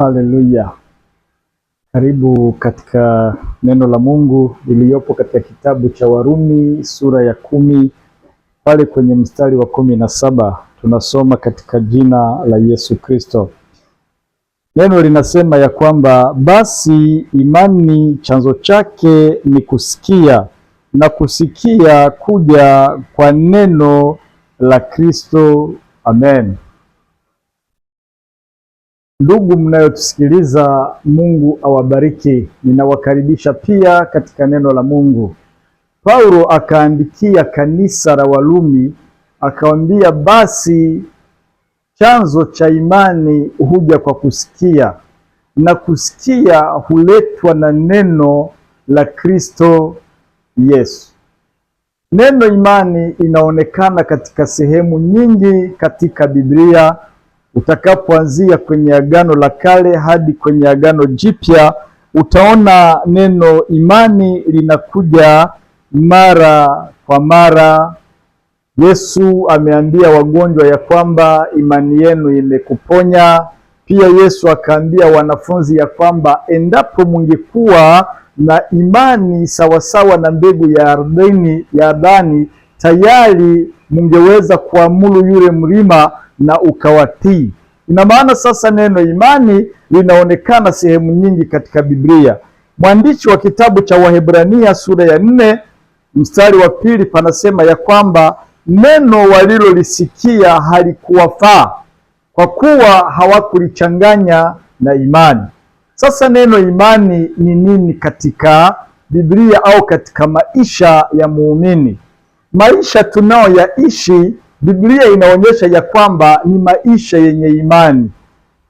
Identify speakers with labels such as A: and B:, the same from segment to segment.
A: Haleluya! Karibu katika neno la Mungu iliyopo katika kitabu cha Warumi sura ya kumi pale kwenye mstari wa kumi na saba tunasoma katika jina la Yesu Kristo. Neno linasema ya kwamba basi imani chanzo chake ni kusikia, na kusikia kuja kwa neno la Kristo. Amen. Ndugu mnayotusikiliza, Mungu awabariki. Ninawakaribisha pia katika neno la Mungu. Paulo akaandikia kanisa la Walumi akawambia, basi chanzo cha imani huja kwa kusikia na kusikia huletwa na neno la Kristo Yesu. Neno imani inaonekana katika sehemu nyingi katika Biblia Utakapoanzia kwenye Agano la Kale hadi kwenye Agano Jipya, utaona neno imani linakuja mara kwa mara. Yesu ameambia wagonjwa ya kwamba imani yenu imekuponya. Pia Yesu akaambia wanafunzi ya kwamba endapo mungekuwa na imani sawasawa na mbegu ya ardhini ya ardhani tayari mungeweza kuamuru yule mlima na ukawatii. Ina maana sasa neno imani linaonekana sehemu nyingi katika Biblia. Mwandishi wa kitabu cha Wahebrania sura ya nne mstari wa pili panasema ya kwamba neno walilolisikia halikuwafaa kwa kuwa hawakulichanganya na imani. Sasa neno imani ni nini katika Biblia au katika maisha ya muumini? maisha tunayoyaishi Biblia inaonyesha ya kwamba ni maisha yenye imani.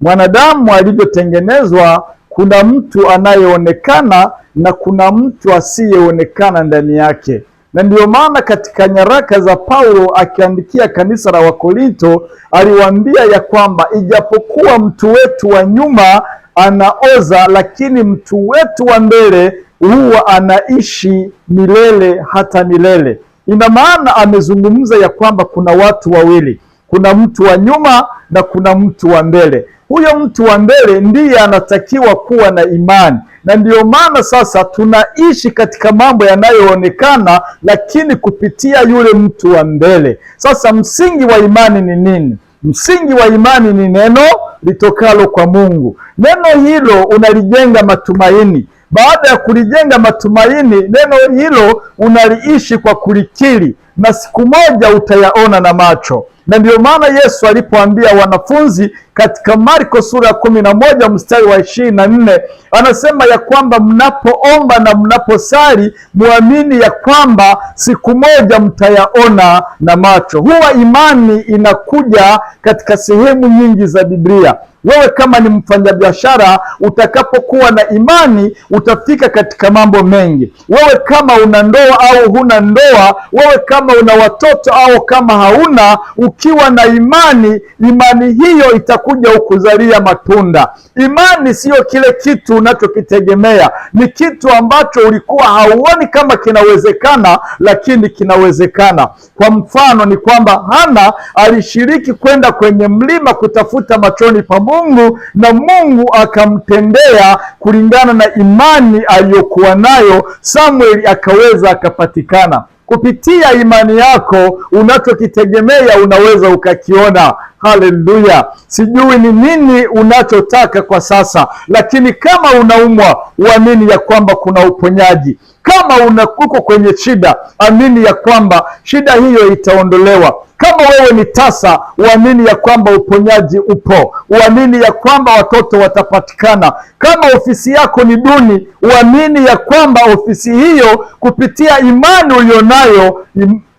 A: Mwanadamu alivyotengenezwa, kuna mtu anayeonekana na kuna mtu asiyeonekana ndani yake, na ndiyo maana katika nyaraka za Paulo akiandikia kanisa la Wakorinto aliwaambia ya kwamba ijapokuwa mtu wetu wa nyuma anaoza, lakini mtu wetu wa mbele huwa anaishi milele hata milele. Ina maana amezungumza ya kwamba kuna watu wawili, kuna mtu wa nyuma na kuna mtu wa mbele. Huyo mtu wa mbele ndiye anatakiwa kuwa na imani, na ndiyo maana sasa tunaishi katika mambo yanayoonekana, lakini kupitia yule mtu wa mbele. Sasa msingi wa imani ni nini? Msingi wa imani ni neno litokalo kwa Mungu. Neno hilo unalijenga matumaini baada ya kulijenga matumaini, neno hilo unaliishi kwa kulikiri, na siku moja utayaona na macho. Na ndiyo maana Yesu alipoambia wanafunzi katika Marko sura ya kumi na moja mstari wa ishirini na nne anasema ya kwamba mnapoomba na mnaposali muamini ya kwamba siku moja mtayaona na macho. Huwa imani inakuja katika sehemu nyingi za Biblia. Wewe kama ni mfanyabiashara, utakapokuwa na imani utafika katika mambo mengi. Wewe kama una ndoa au huna ndoa, wewe kama una watoto au kama hauna, ukiwa na imani, imani hiyo itakuja ukuzalia matunda. Imani siyo kile kitu unachokitegemea, ni kitu ambacho ulikuwa hauoni kama kinawezekana, lakini kinawezekana. Kwa mfano ni kwamba Hana alishiriki kwenda kwenye mlima kutafuta machoni pamoja Mungu na Mungu akamtendea kulingana na imani aliyokuwa nayo. Samueli akaweza akapatikana. Kupitia imani yako unachokitegemea unaweza ukakiona. Haleluya! Sijui ni nini unachotaka kwa sasa, lakini kama unaumwa, uamini ya kwamba kuna uponyaji. Kama unakuko kwenye shida, amini ya kwamba shida hiyo itaondolewa. Kama wewe ni tasa, uamini ya kwamba uponyaji upo, uamini ya kwamba watoto watapatikana. Kama ofisi yako ni duni, uamini ya kwamba ofisi hiyo, kupitia imani ulionayo,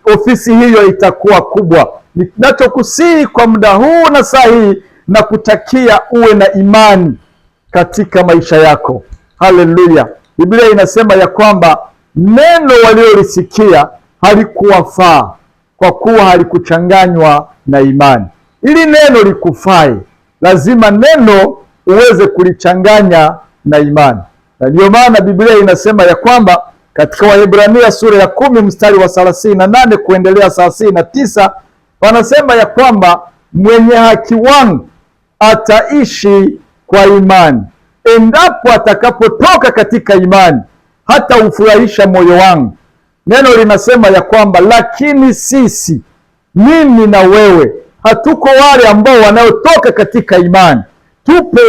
A: ofisi hiyo itakuwa kubwa. Ninachokusihi kwa muda huu na saa hii na kutakia uwe na imani katika maisha yako. Haleluya! Biblia inasema ya kwamba neno waliolisikia halikuwafaa kwa kuwa halikuchanganywa na imani. Ili neno likufae, lazima neno uweze kulichanganya na imani, na ndiyo maana Biblia inasema ya kwamba katika Waebrania sura ya kumi mstari wa thelathini na nane kuendelea thelathini na tisa wanasema ya kwamba mwenye haki wangu ataishi kwa imani, endapo atakapotoka katika imani hata ufurahisha moyo wangu Neno linasema ya kwamba lakini sisi, mimi na wewe, hatuko wale ambao wanaotoka katika imani, tupo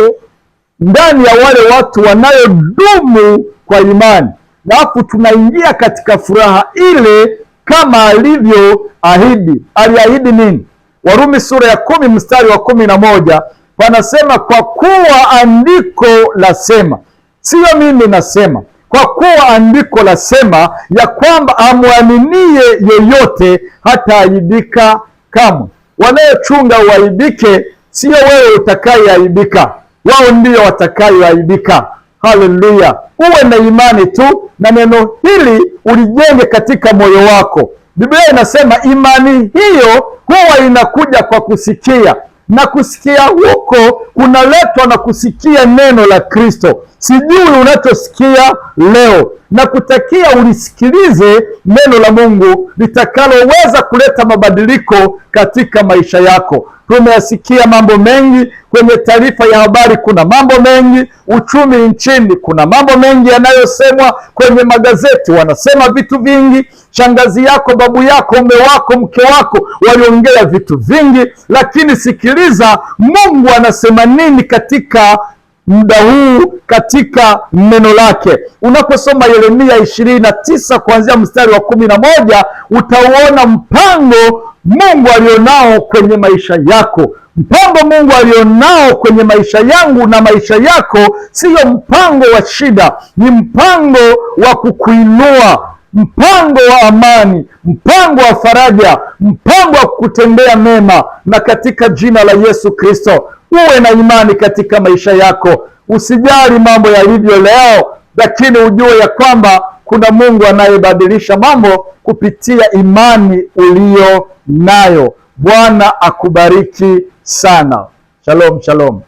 A: ndani ya wale watu wanayodumu kwa imani, alafu tunaingia katika furaha ile kama alivyoahidi. Aliahidi nini? Warumi sura ya kumi mstari wa kumi na moja panasema, kwa kuwa andiko lasema, siyo mimi nasema kwa kuwa andiko lasema ya kwamba amwaminie yeyote hataaibika kamwe. Wanayochunga uaibike, sio wewe utakayeaibika, wao ndio watakayoaibika. Haleluya! Uwe na imani tu, na neno hili ulijenge katika moyo wako. Biblia inasema imani hiyo huwa inakuja kwa kusikia na kusikia huko unaletwa na kusikia neno la Kristo. Sijui unachosikia leo, na kutakia ulisikilize neno la Mungu litakaloweza kuleta mabadiliko katika maisha yako. Tumeyasikia mambo mengi kwenye taarifa ya habari, kuna mambo mengi uchumi nchini, kuna mambo mengi yanayosemwa kwenye magazeti, wanasema vitu vingi. Shangazi yako, babu yako, mume wako, mke wako waliongea vitu vingi, lakini sikiliza Mungu anasema nini katika muda huu katika neno lake. Unaposoma Yeremia ishirini na tisa kuanzia mstari wa kumi na moja utauona mpango Mungu alionao kwenye maisha yako. Mpango Mungu alionao kwenye maisha yangu na maisha yako siyo mpango wa shida, ni mpango wa kukuinua, mpango wa amani, mpango wa faraja, mpango wa kukutendea mema, na katika jina la Yesu Kristo uwe na imani katika maisha yako. Usijali mambo yalivyo leo, lakini ujue ya kwamba kuna Mungu anayebadilisha mambo kupitia imani uliyo nayo. Bwana akubariki sana. Shalom, shalom.